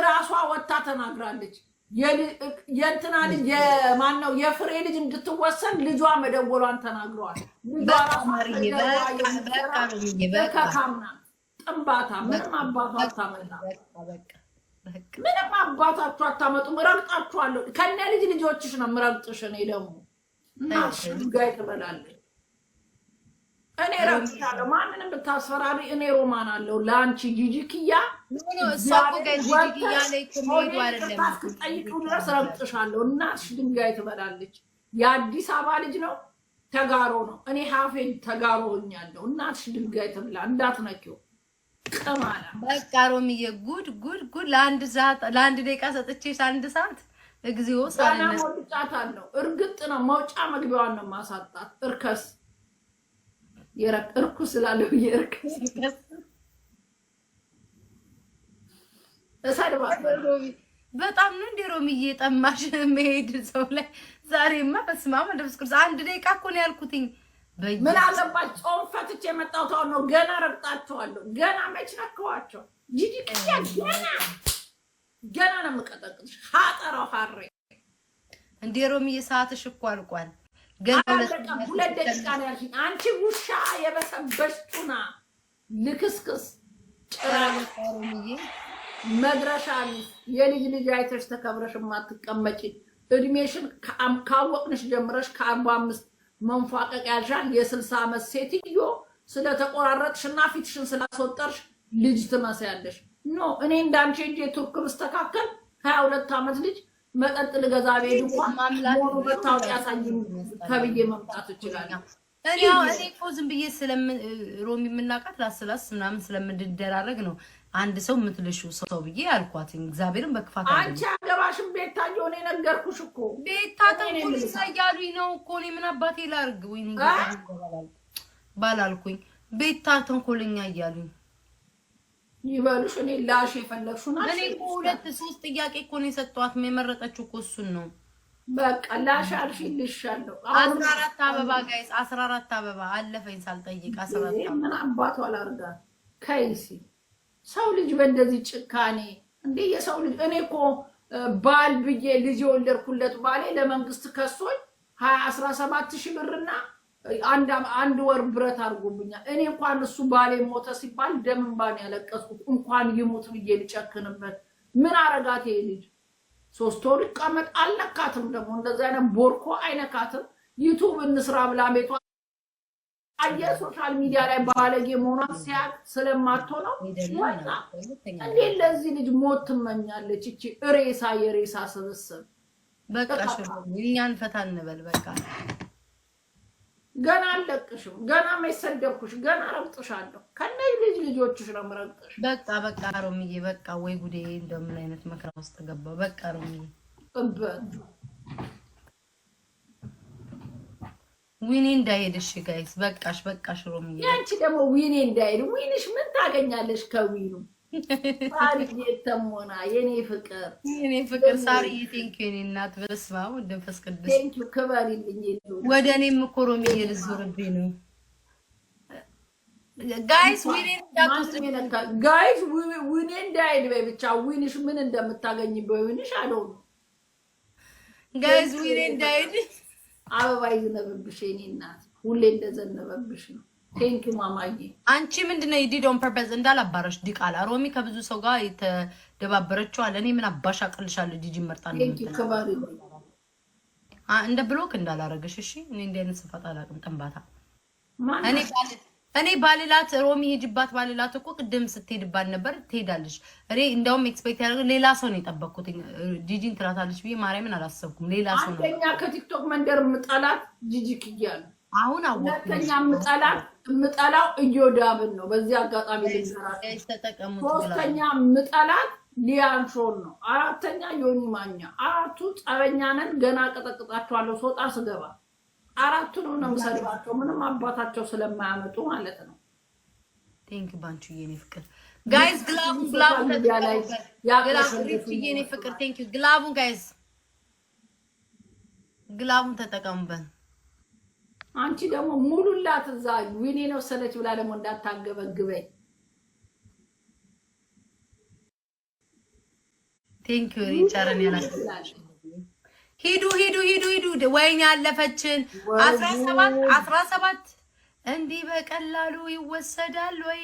እራሷ ወጥታ ተናግራለች። የእንትና ልጅ የማን ነው የፍሬ ልጅ እንድትወሰን ልጇ መደወሏን ተናግረዋል። ልጇራሳካምና ጥንባታ ምንም አባቷ አታመጣ ምንም አባታችሁ አታመጡም። ረግጣችኋለሁ። ከነ ልጅ ልጆችሽ ነው የምረግጥሽ። እኔ ደግሞ እናትሽ ድንጋይ ትበላለች። እኔ ረግጥሻለሁ። ማንንም ብታስፈራሪ እኔ ሮማን አለው ለአንቺ ጂጂክያ እሷ እኮ እናትሽ ድንጋይ ትበላለች። የአዲስ አበባ ልጅ ነው፣ ተጋሮ ነው። እኔ ሀፌን ተጋሮ ሆኛለሁ። እናትሽ ድንጋይ ትብላ፣ እንዳትነኪው በቃ ሮምዬ ጉድ ጉድ ጉድ! ለአንድ ሰዓት ለአንድ ደቂቃ ሰጥቼሽ አንድ ሰዓት እግዚኦ እርግጥ ነው መውጫ መግቢያዋን ነው ማሳጣት። እርከስ እርኩስ ስላለው የእርከስ በጣም ነው እንደ ሮሚዬ ጠማሽ መሄድ ሰው ላይ ዛሬማ በስመ አብ ወመንፈስ ቅዱስ አንድ ደቂቃ እኮ ነው ያልኩትኝ። ምን አለባት ጾም ፈትቼ የመጣሁት አሁን ነው። ገና ረግጣቸዋለሁ። ገና መች ነከዋቸው ጂጂ ቅያ ገና ገና ነው የምቀጠቅጥሽ። ሀጠራው ሀሬ እንደ ሮሚዬ ሰዓትሽ እኮ አልቋል። ገና ሁለት ደቂቃ ነው ያልሽኝ አንቺ ውሻ የበሰበሽ ጡና ልክስክስ ጭራ ሮሚዬ መድረሻ የልጅ ልጅ አይተሽ ተከብረሽ የማትቀመጪ እድሜሽን ካወቅንሽ ጀምረሽ ከአርባ አምስት መንፏቀቅ ያልሻል የስልሳ ዓመት ሴትዮ ስለተቆራረጥሽና ፊትሽን ስላስወጠርሽ ልጅ ትመስያለሽ። ኖ እኔ እንዳንቺ እጅ የቱርክ ብስተካከል ሀያ ሁለት ዓመት ልጅ መጠጥ ልገዛ ቤት እንኳን ሞሩ በታወቅ ያሳይ ከብዬ መምጣት እችላለሁ። እኔ እኮ ዝም ብዬ ስለምን የምናውቃት ላስላስ ምናምን ስለምንደራረግ ነው አንድ ሰው የምትልሽው ሰው ብዬ አልኳት። እግዚአብሔርን በክፋት አንቺ አገባሽም ቤታ እየሆነ የነገርኩሽ እኮ ቤታ ተንኮልሳ እያሉኝ ነው እኮ እኔ ምን አባቴ ላርግ ወይ ባላልኩኝ ቤታ ተንኮለኛ እያሉኝ ይበሉሽ። እኔ ላሽ የፈለግሹ ና እኔ ሁለት ሶስት ጥያቄ እኮ ነው የሰጠኋት። የመረጠችው እኮ እሱን ነው በቃ ላሽ አስራ አራት አበባ ጋይስ፣ አስራ አራት አበባ አለፈኝ ሳልጠይቅ። አስራ አራት ምን አባቱ አላርጋ ከይሲ ሰው ልጅ በእንደዚህ ጭካኔ እንዴ! የሰው ልጅ እኔ እኮ ባል ብዬ ልጅ የወለድኩለት ባሌ ለመንግስት ከሶኝ ሀያ አስራ ሰባት ሺህ ብርና አንድ ወር ብረት አድርጎብኛል። እኔ እንኳን እሱ ባሌ ሞተ ሲባል ደም እንባ ያለቀስኩት። እንኳን ይሙት ብዬ ልጨክንበት። ምን አረጋት ይሄ ልጅ ሶስት ወር ይቀመጥ አልነካትም። ደግሞ እንደዚህ አይነት ቦርኮ አይነካትም። ዩቱብ እንስራ ብላ ቤቷ አየ ሶሻል ሚዲያ ላይ ባለጌ መሆኗን ስለማቶ ነው። እንዴ ለዚህ ልጅ ሞት ትመኛለች? እቺ ሬሳ የሬሳ ስብስብ በቃ እኛን ፈታ እንበል በቃ ገና አልለቅሽም፣ ገና መሰደብኩሽ፣ ገና ረግጥሻለሁ። ከነዚህ ልጅ ልጆችሽ ነው የምረግጥሽ። በቃ በቃ ሮምዬ በቃ ወይ ጉዴ! እንደምን አይነት መከራ ውስጥ ገባ። በቃ ሮምዬ ዊኒ እንዳይሄድሽ ጋይስ፣ በቃሽ በቃሽ ሮምዬ። ያንቺ ደግሞ ዊኒ እንዳይሄድ ዊንሽ ምን ታገኛለሽ ከዊኑ ሳርዬ ተሞና የኔ ፍቅር የኔ ፍቅር ሳርዬ ቴንኪ የኔ እናት በስመ አብ ወመንፈስ ቅዱስ ቴንኪ ክበሪልኝ። ወደ እኔ እኮ ሮሚዬ ልዞርብኝ ነው። ጋይስ ውኔ እንዳይል በይ ብቻ ዊንሽ ምን እንደምታገኝ በዊንሽ አለው ጋይስ ውኔ እንዳይል አበባ ይዝነበብሽ የኔ እናት ሁሌ እንደዘነበብሽ ነው። ቴንኪው ማማዬ። አንቺ ምንድነው የዲድ ኦን ፐርፐዝ እንዳላባረሽ ዲቃላ ሮሚ ከብዙ ሰው ጋር የተደባበረችዋል። እኔ ምን አባሽ አቅልሻለሁ። ጂጂ መርጣ እንደ ብሎክ እንዳላረገሽ እሺ። እኔ እንዲህ አይነት ስፋት አላውቅም። ጥንባታ እኔ ባልላት ሮሚ ሄጅባት ባልላት እኮ ቅድም ስትሄድባት ነበር ትሄዳለች። እኔ እንደውም ኤክስፔክት ያደረገ ሌላ ሰው ነው የጠበቅኩት። ጂጂን ትላታለች ብዬ ማርያምን አላሰብኩም። ሌላ ሰው ነው አንደኛ ከቲክቶክ መንደር ምጠላት ጂጂ ክያሉ አሁን አወቅ ሁለተኛ ምጠላት የምጠላው እዮዳብን ነው። በዚህ አጋጣሚ ሶስተኛ ምጠላት ሊያንሾን ነው። አራተኛ ዮኒ ማኛ። አራቱ ጸበኛ ነን። ገና ቀጠቅጣቸዋለሁ ሶጣ ስገባ አራቱን ነው የምሰድባቸው። ምንም አባታቸው ስለማያመጡ ማለት ነው። ቴንክ ባንቹ የኔ ፍቅር ጋይዝ ግላቡን ግላቡን ግላቡን ጋይዝ ግላቡን ተጠቀሙበት። አንቺ ደግሞ ሙሉላት እዛ ዊኔ ነው ሰለች ብላ ደግሞ እንዳታገበግበኝ። ዩ ሪቻርን ያላስላል። ሂዱ ሂዱ ሂዱ ሂዱ። ወይኔ ያለፈችን አስራ ሰባት አስራ ሰባት እንዲህ በቀላሉ ይወሰዳል ወይ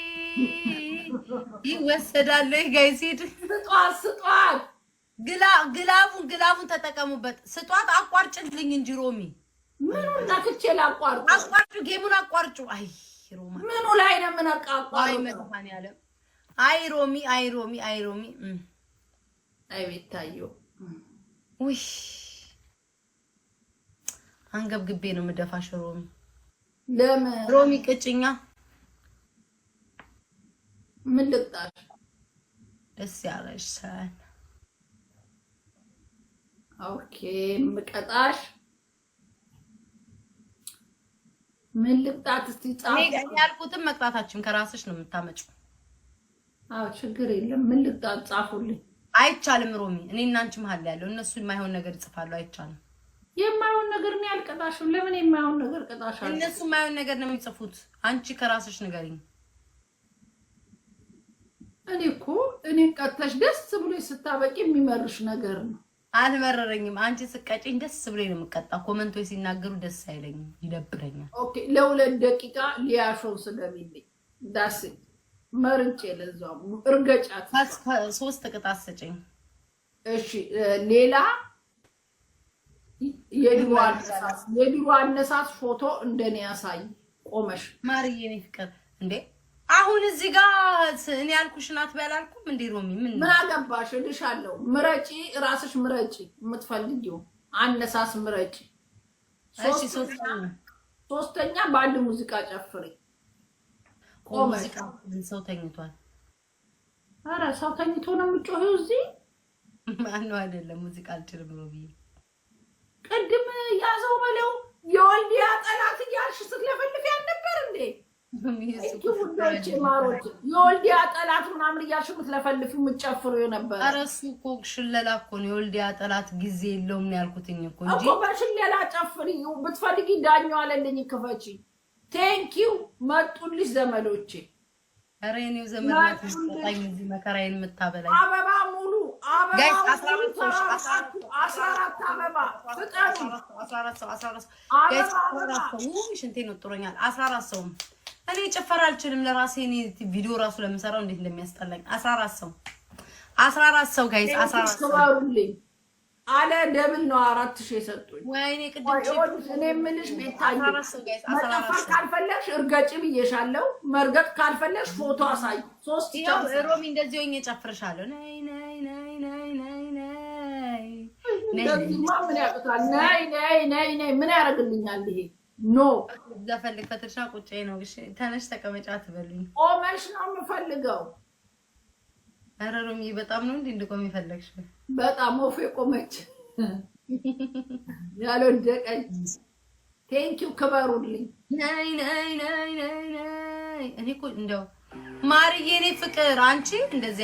ይወሰዳል ወይ? ጋይስ ሂድ ስጧት ግላ ግላቡን ግላቡን ተጠቀሙበት። ስጧት አቋርጭልኝ እንጂ ሮሚ ምኑን ነክቼ ላቋርጡ? አቋርጩ፣ ጌሙን አቋርጩ። አይ ሮማ ምኑ ላይ ነው የምነቃቋርጡ? አይ ሮሚ፣ አይ ሮሚ፣ አይ ሮሚ፣ አይ ቤታየው፣ ውይ አንገብግቤ ነው የምደፋሽ ሮሚ። ለምን ሮሚ ቅጭኛ ምን ልቅጣሽ? ደስ ያለሽ ሰን ኦኬ፣ ምቀጣሽ ምን ልቅጣት? እስቲ ያልኩትን መቅጣታችን ከራስሽ ነው የምታመጭው። አዎ ችግር የለም። ምን ልቅጣት? ጻፉልኝ። አይቻልም ሮሚ፣ እኔ እናንቺ መሀል ያለው እነሱ የማይሆን ነገር ይጽፋሉ። አይቻልም። የማይሆን ነገር ነው ያልቀጣሽም። ለምን የማይሆን ነገር ቀጣሻል? እነሱ የማይሆን ነገር ነው የሚጽፉት። አንቺ ከራስሽ ንገሪኝ። እኔ እኮ እኔ ቀጥተሽ ደስ ብሎ ስታበቂ የሚመርሽ ነገር ነው አልመረረኝም። አንቺ ስቀጭኝ ደስ ብሎ ነው የምቀጣ። ኮመንቶ ሲናገሩ ደስ አይለኝም፣ ይደብረኛል። ኦኬ ለሁለት ደቂቃ ሊያሾው ስለሚልኝ ዳስ መርጬ ለዛው እርገጫት። ሶስት ቅጣት ሰጨኝ። እሺ ሌላ የድሮ አነሳስ የድሮ አነሳስ ፎቶ እንደኔ ያሳይ ቆመሽ ማርዬ ፍቅር እንዴ አሁን እዚህ ጋር እኔ ያልኩሽ ናት አልኩም እንዴ? ሮሚ ምን ምን አገባሽ? እልሻለሁ። ምረጪ፣ ራስሽ ምረጪ፣ የምትፈልጊው አነሳስ ምረጪ። ሶስተኛ በአንድ ሙዚቃ ጨፍሪ። ሙዚቃ ሰው ተኝቷል። አረ ሰው ተኝቶ ነው እዚህ ማነው? አይደለም ሙዚቃ አልችልም ቅድም ያዘው በለው የወልዲያ ጠላት እያልሽ ስትለፈልፊ ያልነበር እንዴ? ወንዶች ማሮች የወልዲያ ጠላት ምናምን እያልሽ የምትለፈልፊው የምትጨፍሩ የነበረ ኧረ እሱ እኮ ሽለላ እኮ ነው። የወልዲያ ጠላት ጊዜ የለውም ነው ያልኩትኝ እኮ እንጂ እኮ በሽለላ ጨፍሪ። ብትፈልጊ አለልኝ ክፈቺ። ቴንኪው መጡልሽ ዘመዶቼ። ኧረ የእኔው ዘመድ እዚህ መከራዬን የምታበላኝ አበባ ሙሉ አበባ አስራ አራት ሰው አስራ አራት ሰው አስራ አራት ሰውም እኔ ጭፈራ አልችልም። ለራሴ እኔ ቪዲዮ ራሱ ለምሰራው እንዴት እንደሚያስጠላኝ 14 ሰው 14 ሰው ጋይስ 14 ሰው አለ ደብል ነው አራት ሺህ የሰጡኝ። ወይኔ ቅድም እኔ ቤታዬ እርገጭ ብዬሻለሁ። መርገጥ ካልፈለሽ ፎቶ አሳይ። ሶስት ሮሚ እንደዚህ ወኝ ጨፍርሻለሁ ነይ ነይ ነይ ነይ ነይ ነይ ነይ ነይ ነይ ነይ ነይ ምን ያደርግልኛል ይሄ ኖ እዛ ፈልግ ፈትርሻ ቁጭ ነው። እሺ ተነሽ ተቀመጫ አትበሉኝ። ቆመሽ ነው የምፈልገው። ኧረ ሮሚ በጣም ነው እንዴ እንድቆም የፈለግሽ? በጣም ወፍ የቆመች ያልወደቀች። ቴንኪው ክበሩልኝ። ናይ ናይ ናይ ናይ። እኔ እኮ እንደው ማርዬ፣ እኔ ፍቅር አንቺ እንደዚህ